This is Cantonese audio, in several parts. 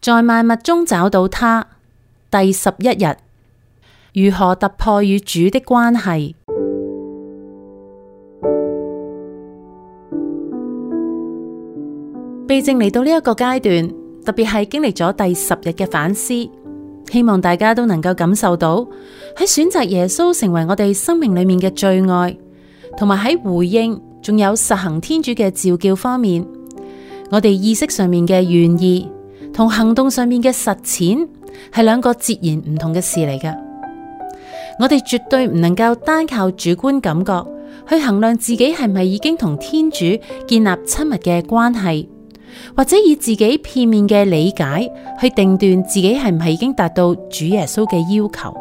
在萬物中找到祂。第十一日，如何突破與主的關係？避靜嚟到呢一個階段，特別係經歷咗第十日嘅反思，希望大家都能夠感受到喺選擇耶穌成為我哋生命裏面嘅最愛，同埋喺回應，仲有實行天主嘅召叫方面，我哋意識上面嘅願意。同行動上面嘅實踐係兩個截然唔同嘅事嚟噶。我哋絕對唔能夠單靠主觀感覺去衡量自己係咪已經同天主建立親密嘅關係，或者以自己片面嘅理解去定斷自己係唔係已經達到主耶穌嘅要求。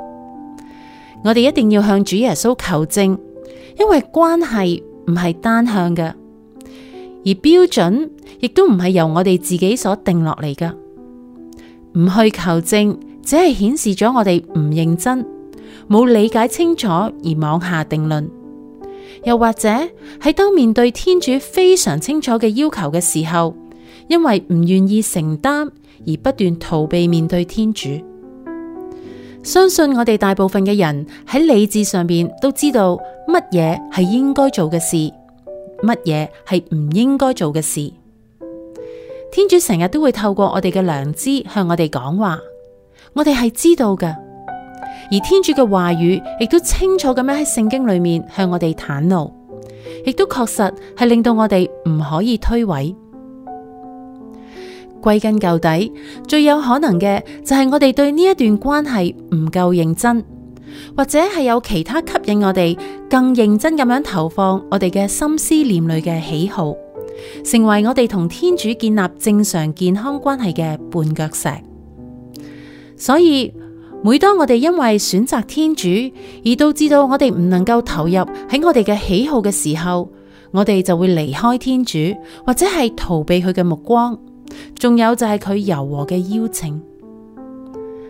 我哋一定要向主耶穌求證，因為關係唔係單向嘅，而標準亦都唔係由我哋自己所定落嚟噶。唔去求證，只係顯示咗我哋唔認真，冇理解清楚而妄下定論；又或者喺當面對天主非常清楚嘅要求嘅時候，因為唔願意承擔而不斷逃避面對天主。相信我哋大部分嘅人喺理智上邊都知道乜嘢係應該做嘅事，乜嘢係唔應該做嘅事。天主成日都會透過我哋嘅良知向我哋講話，我哋係知道嘅。而天主嘅話語亦都清楚咁樣喺聖經裏面向我哋袒露，亦都確實係令到我哋唔可以推諉。歸根究底，最有可能嘅就係我哋對呢一段關係唔夠認真，或者係有其他吸引我哋更認真咁樣投放我哋嘅心思念慮嘅喜好。成為我哋同天主建立正常健康關係嘅絆腳石，所以每當我哋因為選擇天主而導致到我哋唔能夠投入喺我哋嘅喜好嘅時候，我哋就會離開天主或者係逃避佢嘅目光。仲有就係佢柔和嘅邀請。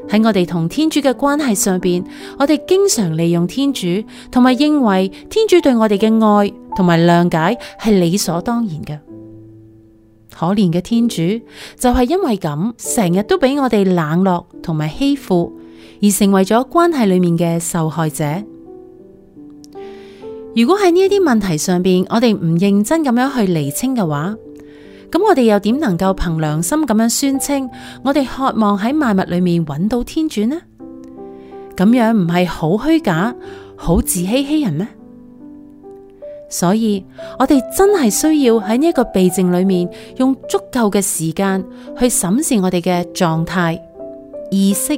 喺我哋同天主嘅關係上面，我哋經常利用天主，同埋認為天主對我哋嘅愛同埋諒解係理所當然嘅。可憐嘅天主就係因為咁，成日都俾我哋冷落同埋欺負，而成為咗關係裏面嘅受害者。如果喺呢一啲問題上邊，我哋唔認真咁樣去釐清嘅話，咁我哋又點能夠憑良心咁樣宣稱，我哋渴望喺萬物裏面揾到天主呢？咁樣唔係好虛假、好自欺欺人咩？所以我哋真係需要喺呢一個避靜裏面，用足夠嘅時間去審視我哋嘅狀態、意識、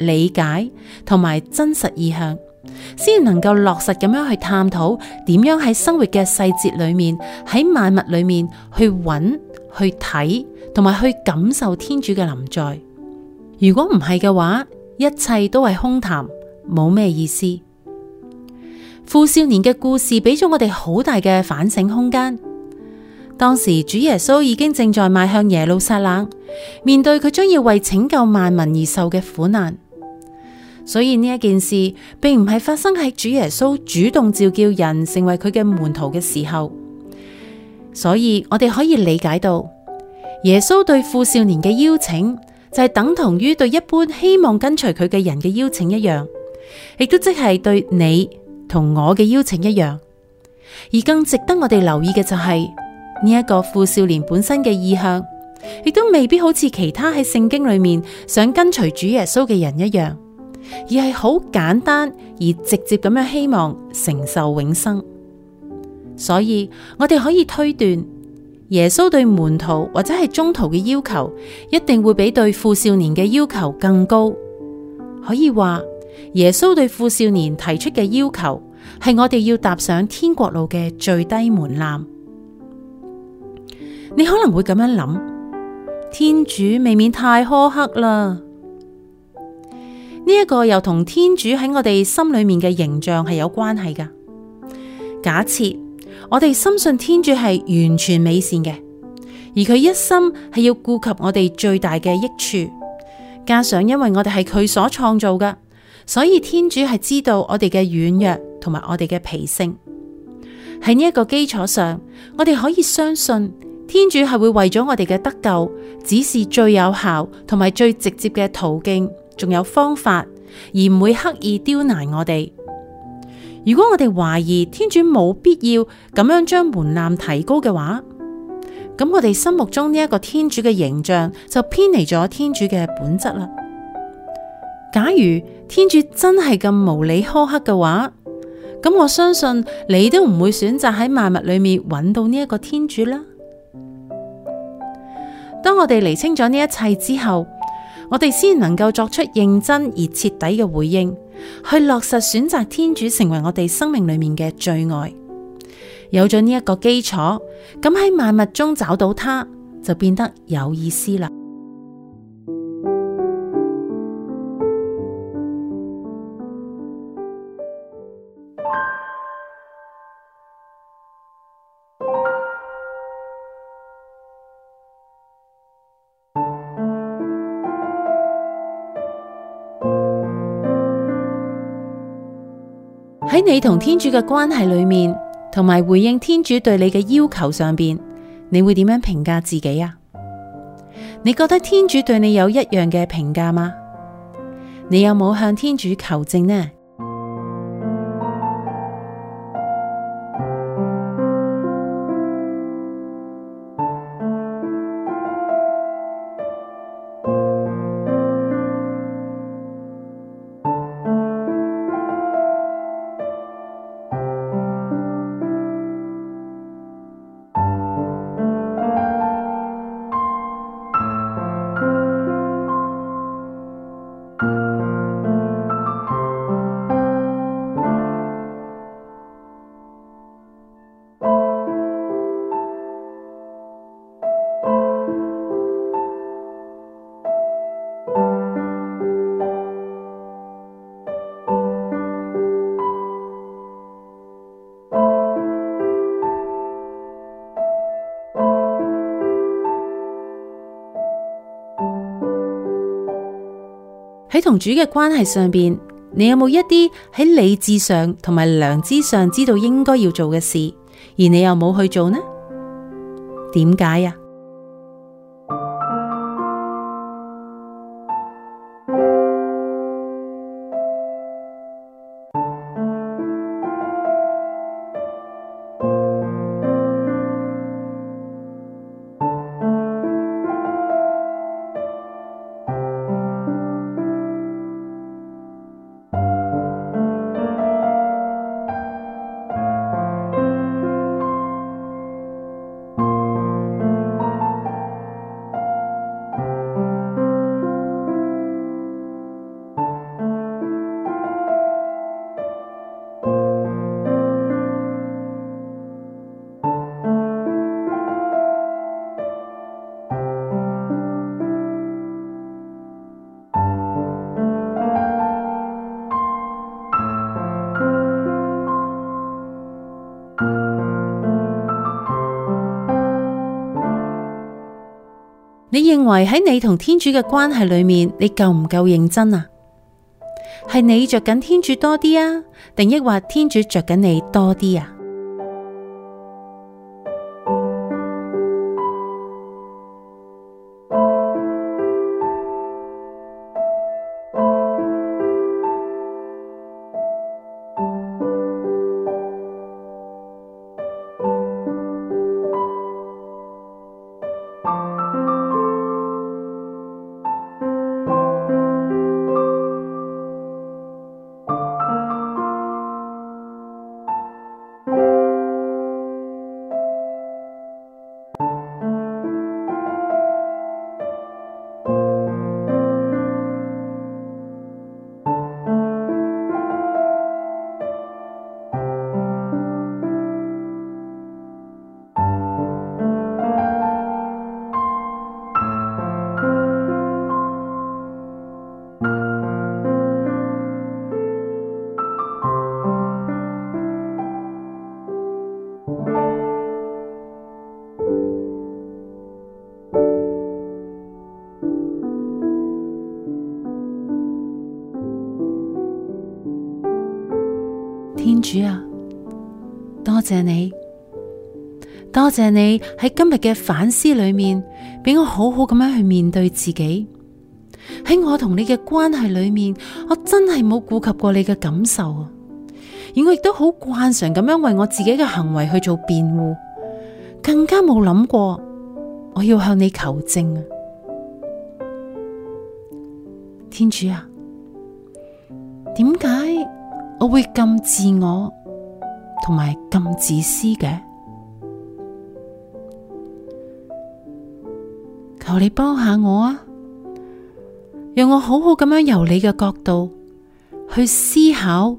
理解同埋真實意向，先能夠落實咁樣去探討點樣喺生活嘅細節裏面，喺萬物裏面去揾，去睇同埋去感受天主嘅臨在。如果唔係嘅話，一切都係空談，冇咩意思。富少年嘅故事俾咗我哋好大嘅反省空間。當時主耶穌已經正在邁向耶路撒冷，面對佢將要為拯救萬民而受嘅苦難，所以呢一件事並唔係發生喺主耶穌主動召叫人成為佢嘅門徒嘅時候。所以我哋可以理解到，耶穌對富少年嘅邀請就係等同於對一般希望跟隨佢嘅人嘅邀請一樣，亦都即係對你。同我嘅邀請一樣，而更值得我哋留意嘅就係呢一個富少年本身嘅意向，亦都未必好似其他喺聖經裏面想跟隨主耶穌嘅人一樣，而係好簡單而直接咁樣希望承受永生。所以，我哋可以推斷，耶穌對門徒或者係宗徒嘅要求，一定會比對富少年嘅要求更高。可以話，耶穌對富少年提出嘅要求，係我哋要踏上天國路嘅最低門檻。你可能會咁樣諗，天主未免太苛刻啦。呢一個又同天主喺我哋心裏面嘅形象係有關係噶。假設我哋深信天主係完全美善嘅，而佢一心係要顧及我哋最大嘅益處，加上因為我哋係佢所創造嘅。所以天主係知道我哋嘅軟弱同埋我哋嘅脾性，喺呢一個基礎上，我哋可以相信天主係會為咗我哋嘅得救，指示最有效同埋最直接嘅途徑，仲有方法，而唔會刻意刁難我哋。如果我哋懷疑天主冇必要咁樣將門檻提高嘅話，咁我哋心目中呢一個天主嘅形象就偏離咗天主嘅本質啦。假如天主真係咁無理苛刻嘅話，咁我相信你都唔會選擇喺萬物裏面揾到呢一個天主啦。當我哋釐清咗呢一切之後，我哋先能夠作出認真而徹底嘅回應，去落實選擇天主成為我哋生命裏面嘅最愛。有咗呢一個基礎，咁喺萬物中找到祂，就變得有意思啦。你同天主嘅關係裏面，同埋回應天主對你嘅要求上邊，你會點樣評價自己啊？你覺得天主對你有一樣嘅評價嗎？你有冇向天主求證呢？喺同主嘅關係上面，你有冇一啲喺理智上同埋良知上知道應該要做嘅事，而你又冇去做呢？點解呀？你認為喺你同天主嘅關係裏面，你夠唔夠認真啊？係你着緊天主多啲啊，定抑或天主着緊你多啲啊？謝謝你，多謝你喺今日嘅反思裏面，俾我好好咁樣去面對自己。喺我同你嘅關係裏面，我真係冇顧及過你嘅感受，而我亦都好慣常咁樣為我自己嘅行為去做辯護，更加冇諗過我要向你求證。天主呀，點解我會咁自我？同埋咁自私嘅？求你幫下我啊！讓我好好咁樣由你嘅角度去思考，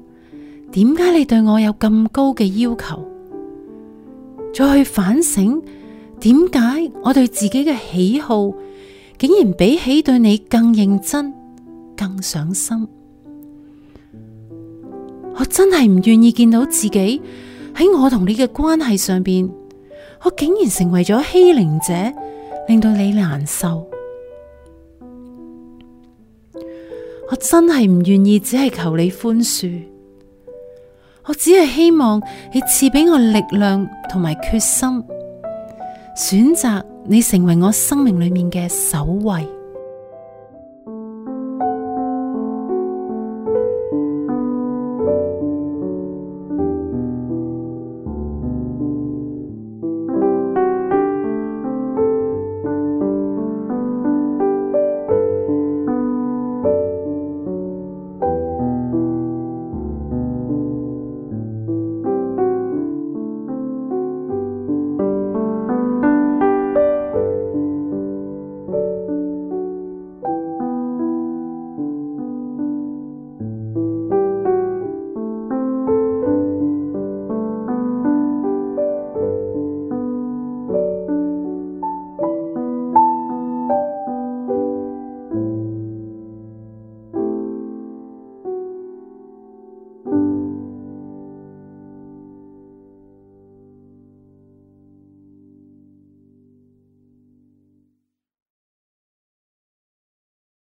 點解你對我有咁高嘅要求？再去反省，點解我對自己嘅喜好，竟然比起對你更認真、更上心？我真係唔願意見到自己喺我同你嘅關係上邊，我竟然成為咗欺凌者，令到你難受。我真係唔願意，只係求你寬恕。我只係希望你賜俾我力量同埋決心，選擇你成為我生命裏面嘅首位。